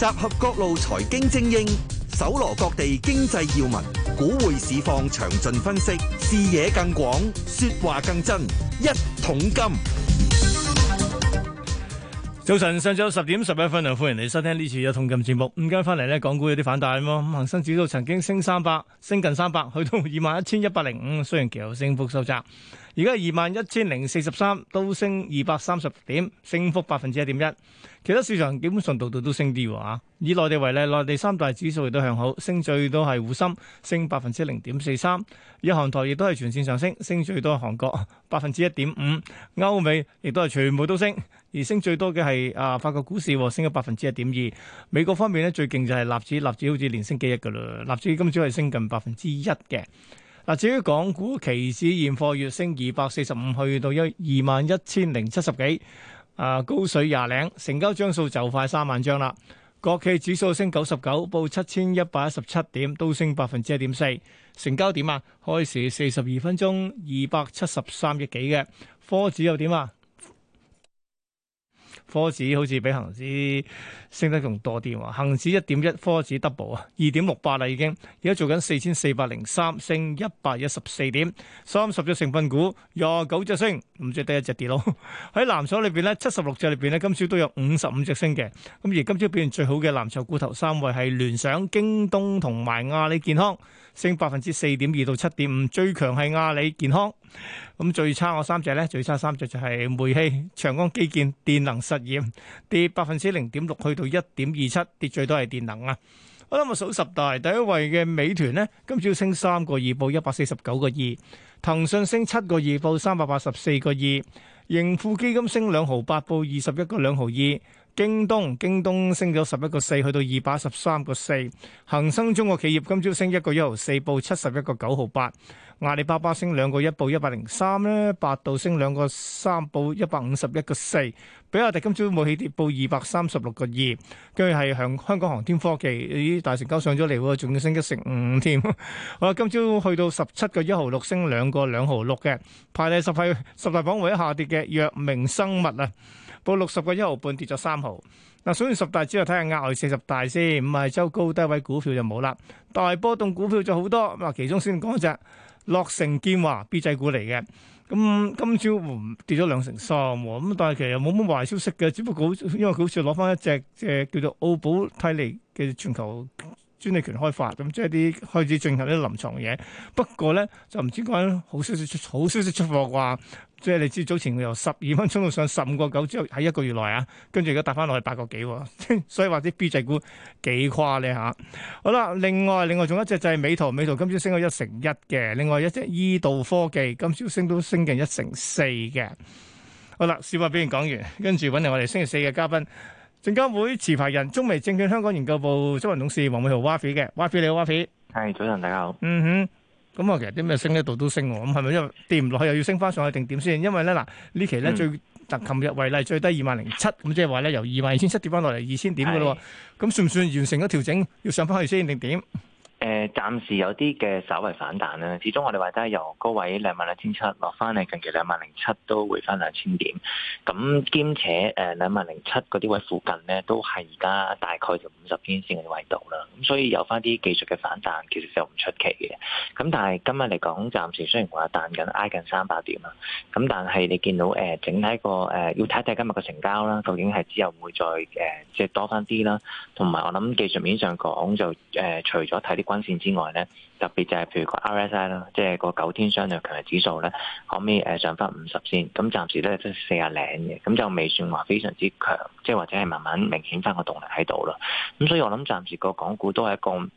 集合各路財經精英，搜羅各地經濟要聞，股匯市況詳盡分析，視野更廣，說話更真。一桶金，早晨，上晝十點十一分啊！歡迎你收聽呢次一桶金節目。唔該，翻嚟咧，港股有啲反彈。咁恒生指數曾經升三百，升近三百，去到二萬一千一百零五，雖然期後升幅收窄。而家二萬一千零四十三，21，都升二百三十點，升幅百分之一點一。其他市場基本上度度都升啲喎。以內地為例，內地三大指數亦都向好，升最多係滬深，升百分之零點四三。以韓台亦都係全線上升，升最多係韓國百分之一點五。歐美亦都係全部都升，而升最多嘅係啊法國股市，升咗百分之一點二。美國方面呢，最勁就係納指，納指好似連升幾日噶啦，納指今朝係升近百分之一嘅。嗱，至於港股期指現貨月升二百四十五，去到一二萬一千零七十幾，啊高水廿零，成交張數就快三萬張啦。國企指數升九十九，報七千一百一十七點，都升百分之一點四，成交點啊，開市四十二分鐘二百七十三億幾嘅，科指又點啊？科指好似比恒指升得仲多啲喎，恒指一點一，科指 double 啊，二點六八啦已經，而家做緊四千四百零三，升一百一十四點，三十隻成分股廿九隻升，五隻得一隻跌咯。喺藍籌裏邊咧，七十六隻裏邊咧，今朝都有五十五隻升嘅，咁而今朝表現最好嘅藍籌股頭三位係聯想、京東同埋阿里健康，升百分之四點二到七點五，最強係阿里健康。咁最差嗰三隻呢，最差三隻就係煤氣、長江基建、電能實業跌百分之零點六，去到一點二七，跌最多係電能啦。好啦，我數十大，第一位嘅美團呢，今朝升三個二，報一百四十九個二；騰訊升七個二，報三百八十四個二；盈富基金升兩毫八，報二十一個兩毫二；京東京東升咗十一個四，去到二百十三個四；恒生中國企業今朝升一個一毫四，報七十一個九毫八。阿里巴巴升兩個一，報一百零三咧；百度升兩個三，報一百五十一個四。比亞迪今朝冇起跌，報二百三十六個二。跟住係向香港航天科技咦，大成交上咗嚟喎，仲要升一成五添。好啦，今朝去到十七個一毫六，升兩個兩毫六嘅。排第十係十大榜唯一下跌嘅藥明生物啊，報六十個一毫半，跌咗三毫。嗱，數完十大之後睇下額外四十大先。唔係，周高低位股票就冇啦，大波動股票就好多。咁啊，其中先講一隻。諾誠健華 B 仔股嚟嘅。咁、嗯、今朝、哦、跌咗兩成三喎、哦，咁但係其實冇乜壞消息嘅，只不過因為佢好似攞翻一隻即、呃、叫做奧布替尼嘅全球專利權開發，咁即係啲開始進行啲臨床嘢。不過咧，就唔知講緊好消息出好消息出貨啩。即係你知早前由十二蚊衝到上十五個九之後，喺一個月內啊，跟住而家跌翻落去八個幾，所以話啲 B 制股幾誇咧嚇。好啦，另外另外仲有一隻就係美圖，美圖今朝升咗一成一嘅。另外一隻醫渡科技今朝升到升近一成四嘅。好啦，小費表現講完，跟住揾嚟我哋星期四嘅嘉賓。證監會持牌人中微證券香港研究部中文董事黃偉豪 Yafei 嘅 Yafei 你好 Yafei，係早晨大家好。嗯哼，咁啊其實啲咩升一度都升，咁係咪因為跌唔落去又要升翻上去定點先？因為咧嗱，期呢期咧最，就琴日為例最低二萬零七，咁即係話咧由二萬二千七跌翻落嚟二千點噶咯。咁的算唔算完成咗調整？要上翻去先定點？誒，暫時有啲嘅稍微反彈啦，始終我哋話齋由高位兩萬兩千七落翻嚟，近期兩萬零七都回翻兩千點。咁兼且誒兩萬零七嗰啲位附近咧，都係而家大概就五十天線嘅位度啦。咁所以有翻啲技術嘅反彈，其實就唔出奇嘅。咁但係今日嚟講，暫時雖然話彈緊，挨近三百點啦。咁但係你見到誒整體個誒、呃，要睇一睇今日嘅成交啦，究竟係之後會再誒即係多翻啲啦。同埋我諗技術面上講就誒、呃，除咗睇啲。均線之外咧，特別就係譬如個 RSI 咯，即係個九天相對強嘅指數咧，可唔可以誒上翻五十線，咁暫時咧都四廿零嘅，咁就未算話非常之強，即係或者係慢慢明顯翻個動力喺度啦。咁所以我諗暫時個港股都係一個。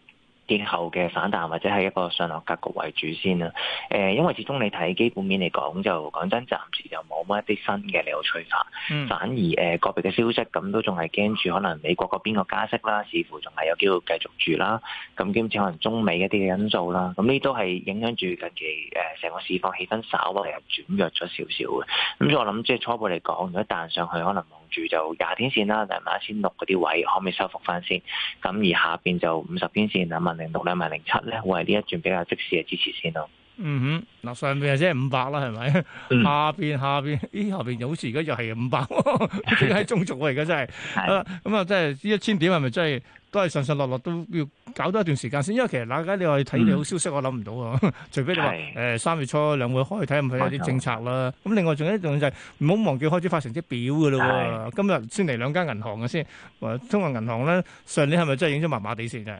以後嘅反彈或者係一個上落格局為主先啦。誒、呃，因為始終你睇基本面嚟講，就講真暫時就冇乜一啲新嘅理由吹發。嗯、反而誒個、呃、別嘅消息咁都仲係驚住，可能美國嗰邊個加息啦，似乎仲係有機會繼續住啦。咁兼且可能中美一啲嘅因素啦，咁、啊、呢都係影響住近期誒成、呃、個市況氣氛稍為係轉弱咗少少嘅。咁、啊、所以我諗即係初步嚟講，如果彈上去可能住就廿天線啦，兩萬一千六嗰啲位可唔可以收復返先？咁而下邊就五十天線兩萬零六咧，兩萬零七咧，會係呢一轉比較即時嘅支持線咯。嗯哼，嗱，上邊啊即係五百啦，係咪？下邊下邊，咦？下邊又好似而家又係五百，真係中俗啊！而家真係，咁啊，即係一千點係咪真係都係上上落落都要搞多一段時間先？因為其實大家你話睇你好消息，我諗唔到啊，除非你話誒、嗯嗯、三月初兩會開去睇唔係有啲政策啦。咁、啊是 啊、另外仲有一樣就係唔好忘記開始發成績表噶啦。今日先嚟兩間銀行嘅先，誒，中國銀行咧，上年係咪真係影咗麻麻地先真嘅？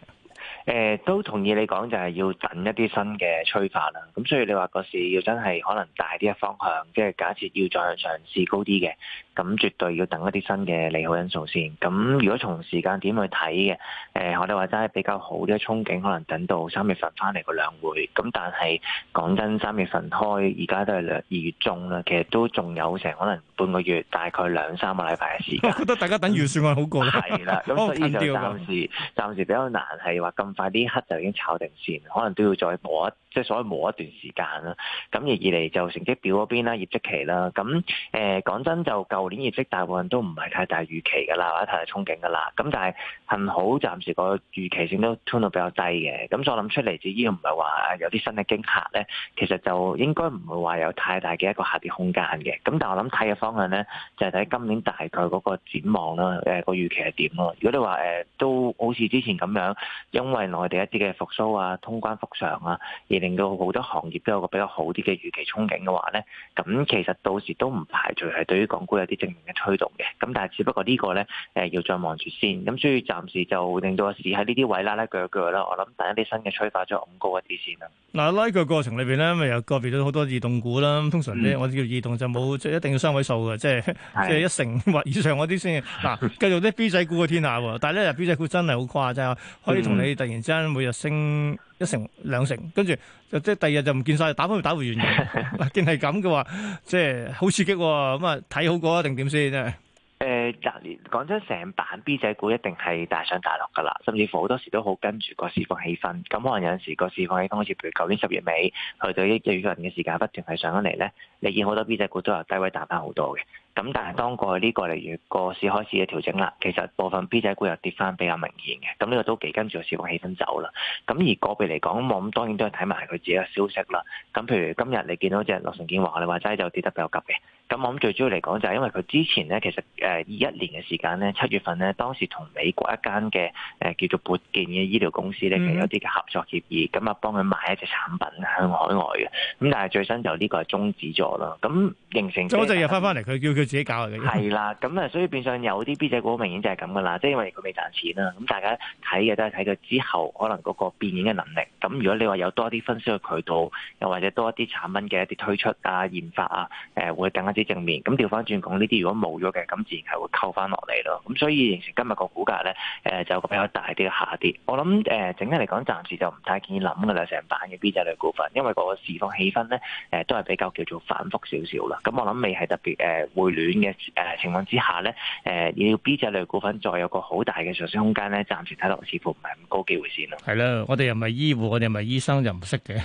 誒、呃、都同意你講，就係要等一啲新嘅催化啦。咁所以你話個市要真係可能大啲嘅方向，即係假設要再向上試高啲嘅，咁絕對要等一啲新嘅利好因素先。咁如果從時間點去睇嘅，誒、呃、我哋話真係比較好啲嘅憧憬，可能等到三月份翻嚟個兩會。咁但係講真，三月份開而家都係兩二月中啦，其實都仲有成可能半個月，大概兩三個禮拜嘅時間。我覺得大家等預算案好過啦。係啦、嗯，咁所以就暫時暫 了時比較難係話咁。快啲刻就已經炒定線，可能都要再磨一即係所謂磨一段時間啦。咁而二嚟就成績表嗰邊啦，業績期啦。咁誒講真，就舊年業績大部分都唔係太大預期㗎啦，或者太大憧憬㗎啦。咁但係幸好暫時個預期性都調到比較低嘅。咁所以諗出嚟，只要唔係話有啲新嘅驚嚇咧，其實就應該唔會話有太大嘅一個下跌空間嘅。咁但係我諗睇嘅方向咧，就係、是、睇今年大概嗰個展望啦，誒、那個預期係點咯。如果你話誒、呃、都好似之前咁樣，因為內地一啲嘅復蘇啊，通關復常啊，而令到好多行業都有個比較好啲嘅預期憧憬嘅話咧，咁其實到時都唔排除係對於港股有啲正面嘅推動嘅。咁但係只不過個呢個咧，誒，要再望住先。咁所以暫時就令到市喺呢啲位拉拉腳腳啦。我諗等一啲新嘅催化再拱高一啲先啦。嗱、嗯，拉腳、嗯、過程裏邊咧，咪有個別咗好多異動股啦。通常咧，我哋叫異動就冇即一定要雙位數嘅，即係、啊、即係一成或以上嗰啲先。嗱、啊，繼、嗯、續啲 B 仔股嘅天下喎。但係咧，B 仔股真係好誇張，可以同你突然之間，每日升一成兩成，跟住即係第二日就唔見晒，打翻去打回原形，勁係咁嘅話，即係好刺激、哦。咁啊，睇好過定點先咧？誒嗱、呃，講真，成班 B 仔股一定係大上大落嘅啦，甚至乎好多時都好跟住個市況氣氛。咁可能有陣時個市況氣氛好似譬如舊年十月尾去到一月份嘅時間，不斷係上緊嚟咧，你見好多 B 仔股都由低位彈翻好多嘅。咁但係當過去呢個例如個市開始嘅調整啦，其實部分 B 仔股又跌翻比較明顯嘅，咁呢個都幾跟住個市況氣氛走啦。咁而個別嚟講，我咁當然都係睇埋佢自己嘅消息啦。咁譬如今日你見到隻諾誠健華，你話齋就跌得比較急嘅。咁我諗最主要嚟講就係因為佢之前呢，其實二一年嘅時間呢，七月份呢，當時同美國一間嘅誒叫做渤健嘅醫療公司呢，其實有啲嘅合作協議，咁啊、嗯、幫佢買一隻產品向海外嘅。咁但係最新就呢個係中止咗啦。咁形成咗，陣又翻返嚟，佢叫係 啦，咁啊，所以變相有啲 B 仔股明顯就係咁噶啦，即係因為佢未賺錢啦。咁大家睇嘅都係睇佢之後可能嗰個變現嘅能力。咁如果你話有多啲分銷嘅渠道，又或者多一啲產品嘅一啲推出啊、研發啊，誒、呃、會更加之正面。咁調翻轉講呢啲，如果冇咗嘅，咁自然係會扣翻落嚟咯。咁所以現時今日個股價咧，誒就有個比較大啲嘅下跌。我諗誒、呃、整體嚟講，暫時就唔太建議諗噶啦，成版嘅 B 仔類股份，因為個市況氣氛咧，誒、呃、都係比較叫做反覆少少啦。咁我諗未係特別誒、呃、會。亂嘅誒情況之下咧，誒要 B 隻類股份再有個好大嘅上升空間咧，暫時睇落似乎唔係咁高機會先咯。係啦，我哋又唔係醫護，我哋又唔係醫生，又唔識嘅。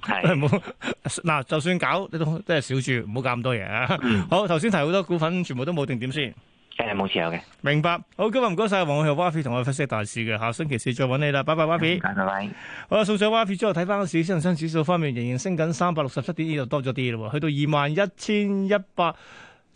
係 的，好嗱，就算搞都都係少住，唔好搞咁多嘢啊！嗯、好，頭先提好多股份，全部都冇定點先。誒，冇持有嘅。明白。好，今日唔該晒黃偉豪 Wafi 同我分析大市嘅，下星期四再揾你啦。拜拜，Wafi。拜拜。謝謝拜拜。好啦，送上 Wafi 之後，睇翻市，恒生指數方面仍然升緊，三百六十七點，呢度多咗啲咯，去到二萬一千一百。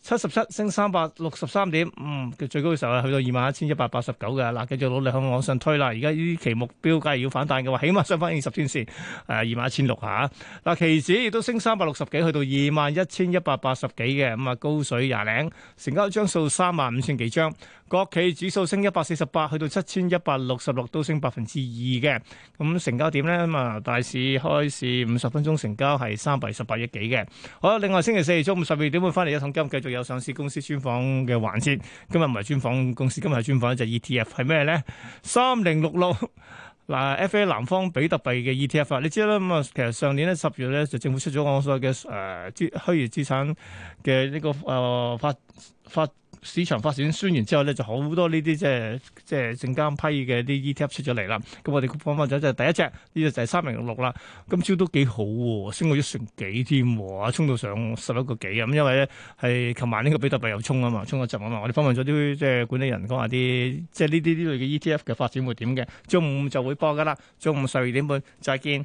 七十七升三百六十三點，嗯，最最高嘅時候係去到二萬一千一百八十九嘅，嗱，繼續努力向往上推啦。而家呢期目標價係要反彈嘅話，起碼上翻二十天線，誒，二萬一千六吓。嗱，期指亦都升三百六十幾，去到二萬一千一百八十幾嘅，咁啊高水廿零，成交張數三萬五千幾張。國企指數升一百四十八，去到七千一百六十六，都升百分之二嘅。咁成交點咧，咁啊，大市開市五十分鐘成交係三百十八億幾嘅。好，另外星期四中午十二點會翻嚟一桶金，繼續。有上市公司專訪嘅環節，今日唔係專訪公司今，今日專訪就係 ETF 係咩咧？三零六六嗱，FA 南方比特幣嘅 ETF，啊，你知啦。咁啊，其實上年咧十月咧就政府出咗我所謂嘅誒資虛擬資產嘅呢、這個誒發、呃、發。發市場發展宣完之後咧，就好多呢啲即係即係證監批嘅啲 ETF 出咗嚟啦。咁我哋放翻咗就係第一隻，呢隻就係三零六六啦。今朝都幾好喎，哦，升過一成幾添，衝到上十一個幾咁。因為咧係琴晚呢個比特幣又衝啊嘛，衝咗陣啊嘛。我哋訪問咗啲即係管理人講下啲，即係呢啲呢類嘅 ETF 嘅發展會點嘅。中午就會播噶啦，中午十二點半再見。